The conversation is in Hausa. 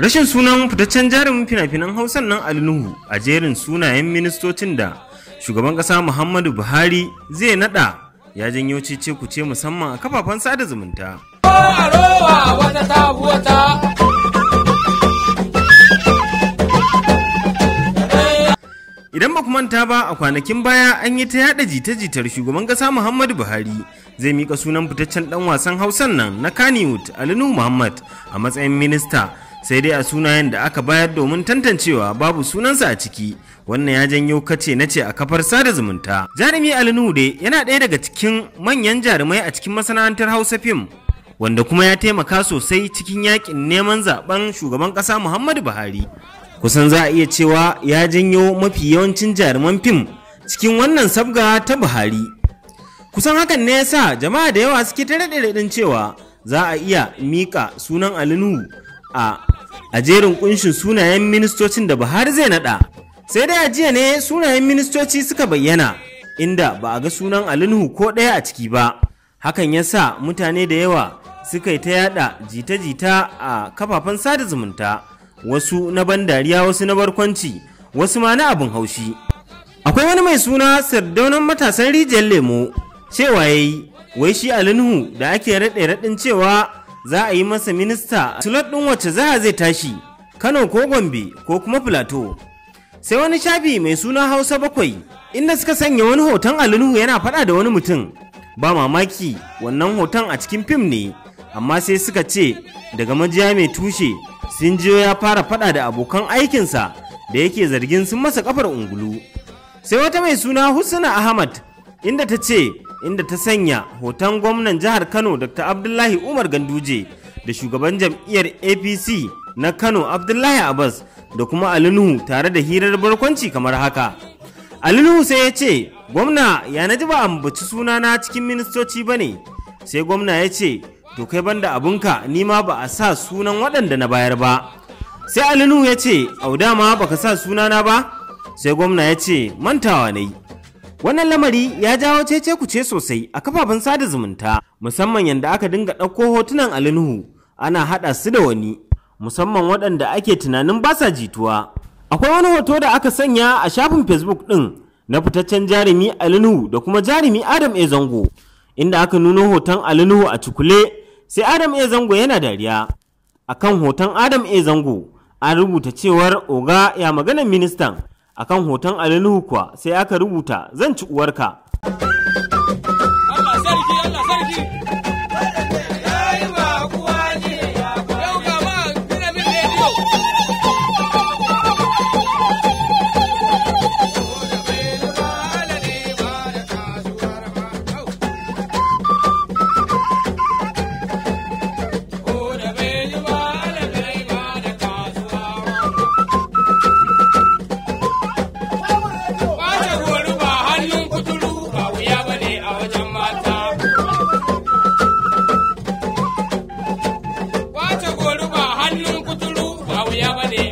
Rashin sunan fitaccen jarumin fina-finan Hausan nan Nuhu a jerin sunayen ministocin da shugaban ƙasa Muhammadu Buhari zai naɗa ya janyo cece kuce musamman a kafafen sada zumunta. Idan ba manta ba a kwanakin baya an yi ta yada jita-jitar shugaban ƙasa Muhammadu Buhari zai mika sunan fitaccen ɗan wasan Hausan nan na Kannywood Alinu Muhammad a matsayin minista. sai dai a sunayen da aka bayar domin tantancewa babu sunansa a ciki wannan ya janyo kace na ce a kafar sada zumunta jarumi alnude yana ɗaya daga cikin manyan jarumai a cikin masana'antar hausa fim wanda kuma ya taimaka sosai cikin yakin neman zaben shugaban ƙasa muhammadu buhari kusan za a iya cewa ya janyo mafi yawancin jaruman fim cikin wannan sabga ta buhari kusan hakan ne ya sa jama'a da yawa suke ta raɗe cewa za a iya miƙa sunan alinu a a jerin kunshin sunayen ministocin da Buhari zai nada. Sai dai a jiya ne sunayen ministoci suka bayyana inda ba a ga sunan Nuhu ko ɗaya a ciki ba. Hakan ya sa mutane da yawa suka yi ta yada jita-jita a kafafen sada zumunta wasu na ban dariya wasu na barkwanci wasu ma na abin haushi. Akwai wani mai suna sardaunan matasan rijiyar lemo cewa ya yi wai shi Nuhu da ake raɗe-raɗin cewa za a yi masa minista a slot ɗin wacce Zaha zai tashi kano ko gombe ko kuma filato sai wani shafi mai suna hausa bakwai inda suka sanya wani hoton alinuhu yana faɗa da wani mutum ba mamaki wannan hoton a cikin fim ne amma sai suka ce daga majiya mai tushe sun jiyo ya fara faɗa da abokan aikinsa da yake zargin sun masa kafar ungulu sai wata mai suna husna ahmad inda ta ce inda ta sanya hoton gwamnan jihar Kano Dr. Abdullahi Umar Ganduje da shugaban jam'iyyar APC na Kano Abdullahi Abbas da kuma Alinuhu tare da hirar barkwanci kamar haka. Alinuhu sai ya ce, "Gwamna ya naji ba ambaci sunana cikin ministoci ba ne." Sai gwamna ya ce, "To kai banda abunka ni ma ba a sa sunan waɗanda na bayar ba." Sai Alinuhu ya ce, "Au dama baka sa sunana ba?" Sai gwamna ya ce, "Mantawa ne." Wannan lamari ya jawo cece kuce sosai a kafafen sada zumunta musamman yadda aka dinga ɗauko hotunan alinuhu ana haɗa su da wani musamman waɗanda ake tunanin ba sa jituwa. Akwai wani hoto da aka sanya a shafin Facebook ɗin na fitaccen jarumi alinuhu da kuma jarumi Adam E. Zango inda aka nuno hoton alinuhu a cikule sai Adam E. Zango yana dariya. Akan hoton Adam E. Zango an rubuta cewar oga ya maganar ministan akan hoton alinuhu kuwa sai aka rubuta zan ci uwarka amarelo.